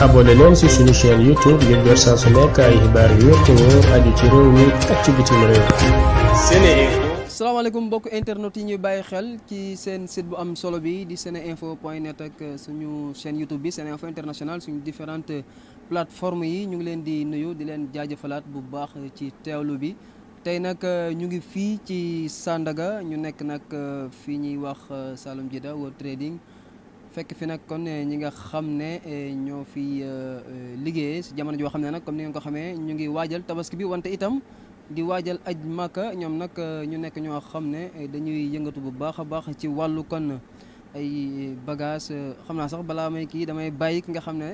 abonné leen ci suñu chaîne YouTube ngir jot saa su nekk ay xibaar yu wér ci réew mi ak ci bitim réew. mbokk internet yi ñuy bàyyi xel ci seen site bu am solo bi di seneinfo point net ak suñu chaîne YouTube bi seneinfo international suñu différentes plateformes yi ñu ngi leen di nuyu di leen jaajëfalaat bu baax ci teewlu bi. tey nag euh, ñu ngi fii ci Sandaga ñu nekk nag euh, fii ñuy wax euh, Saloum Jida World Trading. fekk fi nag kon eh, ñi nga xam ne eh, ñoo fi eh, liggéey si jamono joo xam ne nag comme ni nga ko xamee ñu ngi waajal tabaski bi wante itam di waajal aj màkka ñoom nag ñu nekk ñoo xam ne dañuy yëngatu bu baax a baax ci wàllu kon ay bagage xam naa sax balaa may kii damay bàyyi ki nga xam ne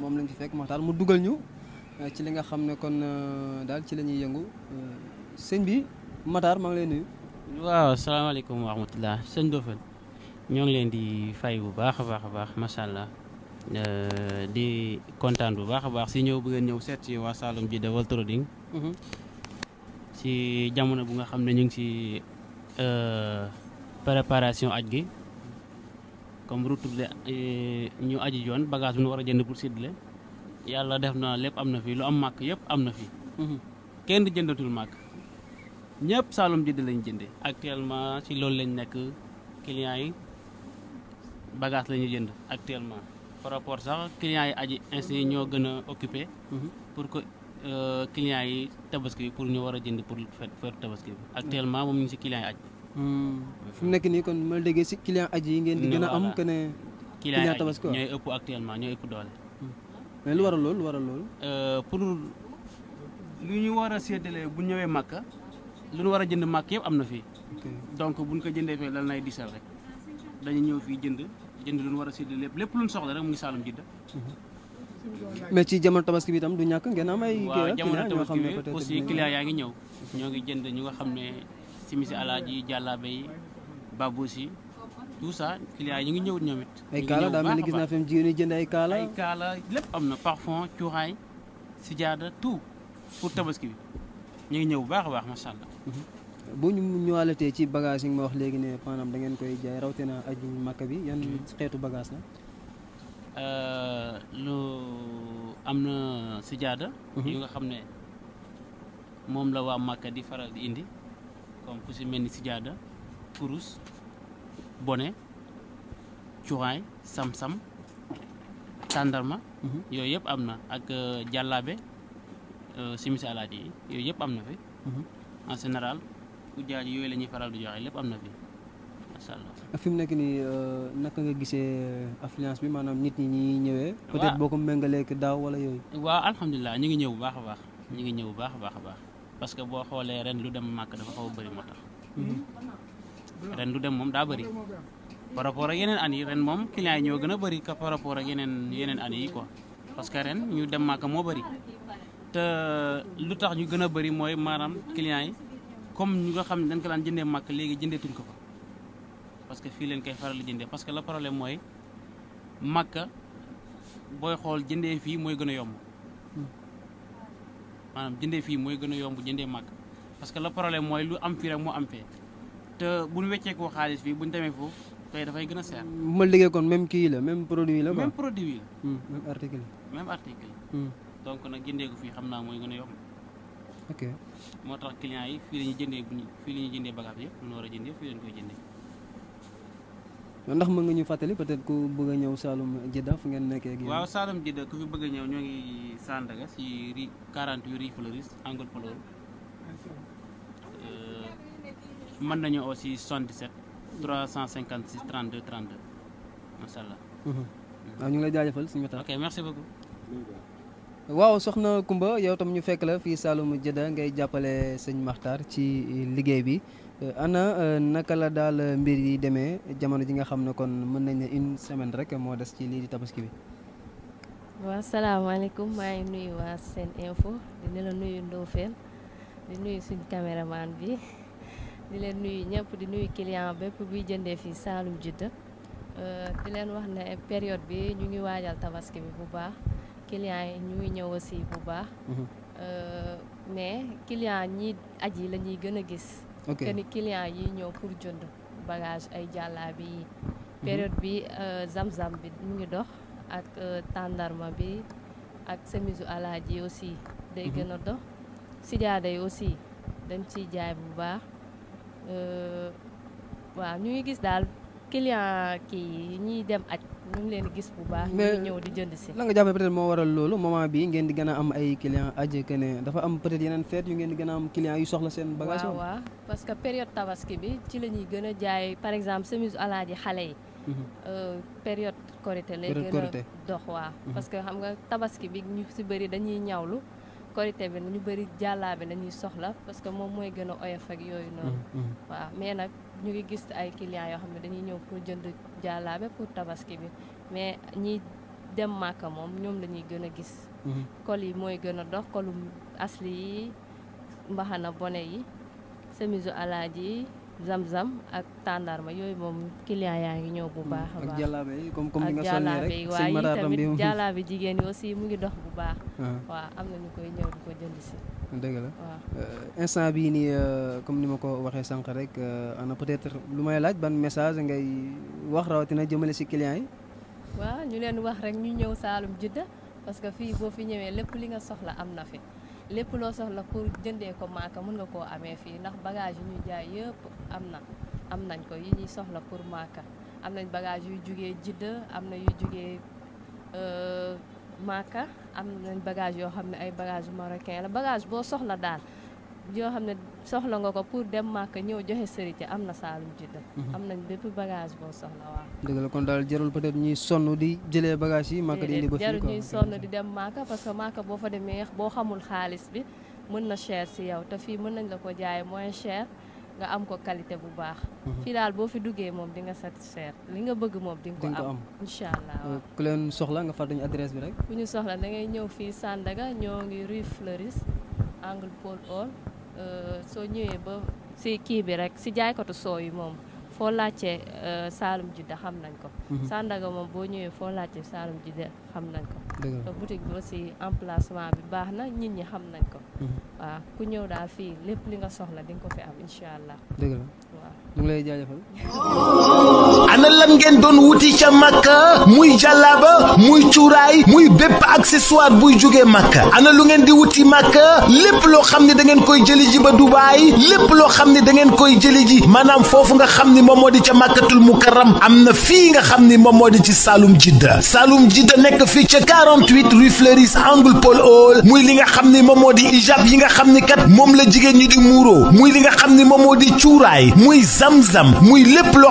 moom lañ fi fekk Maxtaar mu dugal ñu ci li nga xam ne kon daal ci la ñuy yëngu sëñ bi Matar maa ngi lay nuyu. waaw salaamaaleykum wa rahmatulah sëñ Dofène ñoo ngi leen di fay bu baax a baax a baax macha allah euh, di kontaan bu baax a baax si ñëw bu ñëw seet si waa Saloum ji Devel Trading mm-hmm. si jamono bu nga xam ne ñu ngi si euh, préparation aj gi comme retourle euh, ñu aji joon bagage bu ñu war a jënd pour séddale yàlla def naa lépp am na fi lu am màkk yëpp am na fi mm-hmm. kenn jëndatul màkk ñëpp Saloum ji lañ jënde actuellement si loolu lañ nekk clients bagage la ñuy jënd actuellement par rapport sax clients yi aji ainsi ñoo gën a occupé mhm. pour que euh, clients yi tabaski bi pour ñu war a jënd pour faire tabaski bi actuellement moom ñu ngi si clients yi aj hmm. fi mu nekk nii kon ma déggee si client aj yi ngeen di gën a am que ne client tabaski ñooy ëpp actuellement ñooy ëpp doole hmm. mais lu a loolu lu waral loolu euh, pour lu ñu war a séddale bu ñëwee màkka lu ñu war a jënd màkk yëpp am na fii donc buñ ko jëndee fee rek jënd lu ñu war a séddale lépp lépp lu ñu soxla rek mu ngi Saalum jidda mais ci jamono tabaski bi itam du ñàkk ngeen am ay. waaw jamono tabaski bi aussi client yaa ngi ñëw. ñoo ngi jënd ñu nga xam ne simisi alaaji yi jàllaabe yi babus yi tout ça yi ngi ñëw ñoom it. ay kaala daa mel ni gis naa fi jigéen ñi jënd ay kaala. kaala lépp am na parfum cuuraay sijaada tout pour tabaski bi ñu ngi ñëw bu baax waax baax macha boo ñu ñëwaalatee ci bagage yi nga ma wax léegi ne maanaam da ngeen koy jaay rawatina aju Makka bi yan hmm. xeetu bagage la. Euh, lu am na sijaada hmm. yu nga xam ne moom la waa Makka di faral di indi comme ku si mel ni sijaada kurus bone cuuraay sam-sam tàndarma hmm. yooyu yëpp am na ak euh, jàllaabe euh, simisi alaaji yi yooyu yëpp am na fi en général ujaaji yooyu la ñuy faral di joxe lépp am na fi macha fi mu nekk nii euh, naka nga gisee euh, affluence bi maanaam nit ñi ñuy ñëwee. peut boo ko méngaleek daaw wala yooyu. waaw alhamdulilah ñu ngi ñëw bu baax a baax ñu ngi ñëw bu baax a baax a baax parce que boo xoolee ren lu dem màkk dafa xaw a bëri moo tax. Mm-hmm. ren lu dem moom daa bëri. par rapport ak yeneen année yi ren moom client yi ñoo gën a bëri que par rapport ak yeneen yeneen année yi quoi parce que ren ñu dem màkk moo bëri te lu tax ñu gën a bëri mooy maanaam client yi. comme ñu nga xam ne dañ ko daan jëndee màkk léegi jëndeetuñ ko fa parce que fii leen koy faral di jëndee parce que le problème mooy màkka booy xool jëndee fii mooy gën a yomb maanaam jëndee fii mooy gën a yomb jëndee màkk parce que la problème mooy lu am fii rek moo am fee te bu ñu wecceekoo xaalis fii bu ñu demee foofu tey dafay gën a seer. bu ma liggéey kon même kii la même produit la. même produit la. Hmm, même article. même article. Hmm. donc nag jëndee ko fii xam naa mooy gën a yomb. ok moo tax client yi fii la ñuy jëndee bu ñu fii la ñuy jëndee bagage yëpp lu ñu war a jëndee fii la koy jëndee. ndax mën nga ñu fàttali peut-être ku bëgg a ñëw Saloum Jeddah fu ngeen nekkee. waaw Saloum Jeddah ku fi bëgg a ñëw ñoo ngi Sandaga si quarante 48 rue Fleuris angle Polaur. Euh, mën nañu aussi 77 356 32 32 macha allah. Mhm. Mm. waaw ñu ngi lay jaajëfal suñu waxtaan. ok merci beaucoup. waaw soxna Kumba yow tam ñu fekk la fii Saloum Jëda ngay jàppale sëñ Maxtaar ci liggéey bi euh, ana euh, naka la daal mbir yi demee jamono ji nga xam ne kon mën nañ ne une semaine rek moo des ci lii di tabaski bi. waaw salaamaaleykum maa ngi nuyu waa seen info di nuyu Ndofène di nuyu suñ caméraman bi di leen nuyu ñëpp di nuyu client bépp buy jëndee fii Saloum Jëda euh, di leen wax ne période bi ñu ngi waajal tabaski bi bu baax. clients yi ñu ngi ñëw aussi bu baax. Mhm. Euh, mais client ñi aji la ñuy gën a gis. ok que client yi ñëw pour jënd bagage ay jàllaabi yi. Mhm. période bi euh, zam-zam bi mu ngi dox ak euh, tàndarma bi ak semisu alaaji aussi day mhm. gën a dox. sijaada yi aussi dañ ci jaay bu baax waaw ñu gis daal client kii ñiy dem aj ñu ngi leen di gis bu baax. ñu ngi ñëw di jënd si. la nga jàppee peut-être moo waral loolu moment bi ngeen di gën a am ay clients aje que ne dafa am peut-être yeneen fête yu ngeen di gën a am clients yu soxla seen bagage. waaw waaw parce que période tabaski bi ci la ñuy gën a jaay par exemple chemise alaaji xale yi. Mhm. Euh, période korité lay gën a dox waa mhm. parce que xam nga tabaski bi ñu si bëri dañuy ñawlu. korité bi ñu bëri jàllaabe la ñuy soxla parce que moom mooy gën a oyof ak yooyu mm-hmm. noonu. Mm-hmm. waaw mais nag ñu ngi gis ay clients yoo xam ne dañuy ñëw pour jënd jàllaabe pour tabaski bi mais ñi dem màkka moom ñoom lañuy gën a gis. Mm-hmm. kol yi mooy gën a dox colum asli yi mbaxana bone yi semisu alaaji yi. zam-zam ak tàndarma yooyu moom client yaa ngi ñëw bu mm, baax ak jàllaabe yi comme comme ni nga sonnee rek waaye yi jigéen yi aussi mu ngi dox bu baax ah. waaw am na ñu koy ñëw di ko jënd si dëgg la waaw euh, instant bii nii euh, comme ni ma ko waxee sànq rek euh, ana peut-être lu may laaj ban message ngay wax rawatina jëmale si client yi waaw ñu leen wax rek ñu ñëw Saalum Jidda parce que fii boo fi ñëwee lépp li nga soxla am na fi lépp loo soxla pour jëndee ko maaka mun nga koo amee fii ndax bagage yu ñuy jaay yëpp am na am nañ ko yi ñuy soxla pour maaka am nañ bagage yuy jugee jidda am na yuy jugee euh, maaka am nañ bagage yoo xam ne ay bagage marocain la bagage boo soxla daal yoo xam ne soxla nga ko pour dem màkk ñëw joxe sëriñ ci am na Saalum Jidda mhm. am nañ bépp bagage boo soxla waaw dëgg la kon daal jarul peut-être ñuy sonn di jëlee bagage yi màkk di indi ba fii jarul di dem màkk parce que màkk boo fa demee boo xamul xaalis bi mën na cher si yow te fii mën nañ la ko jaay moins cher nga am ko qualité bu baax. Mhm. fii daal boo fi duggee moom di nga satisfaire li nga bëgg moom di nga ko am incha allah euh, ku leen soxla nga fàttali ñu adresse bi rek. ku ñu soxla da ngay ñëw fii Sandaga ñoo ngi rue Fleuris angle Paul Euh, soo ñëwee ba si kii bi rek si jaaykatu soow yi moom foo laajtee euh, Saalum de xam nañ ko. Mhm. Sandaga moom boo ñëwee foo laajtee Saalum de xam nañ ko. dëgg la boutique bi aussi emplacement bi baax na ñit ñi xam nañ ko. Mhm. waaw ku ñëw daal fii lépp li nga soxla di ko fi am incha allah. dëgg la waaw ana lan ngeen doon wuti ca màkka muy jàllaaba muy cuuraay muy bépp accessoire buy jógee màkka ana lu ngeen di wuti màkka lépp loo xam ne da ngeen koy jëli ji ba dubaay lépp loo xam ne dangeen koy jëli ji maanaam foofu nga xam ne moom moo di ca màkkatul mukarram am na fii nga xam ni moom moo di ci saalum Jidda saalum Jidda nekk fii ca 48 rue Fleuris angle Paul Hall muy li nga xam ne moom moo di ijab yi nga xam ni kat moom la jigéen ñi di muro muy li nga xam ni moom moo di cuuraay muy muy lépp loo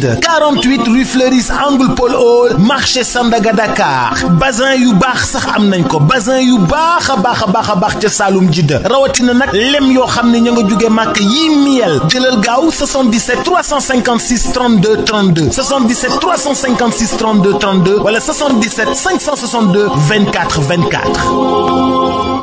Latitude 48 rue Fleuris angle Paul Hall marché Sandaga Dakar bazin yu baax sax am nañ ko bazin yu baax a baax a baax a baax ji Saloum jidda rawatina nag lem yoo xam ne ñoo nga jóge màkk yii miel jëlal gaaw 77 356 32 32 77 356 32 32 wala 77 562 24 24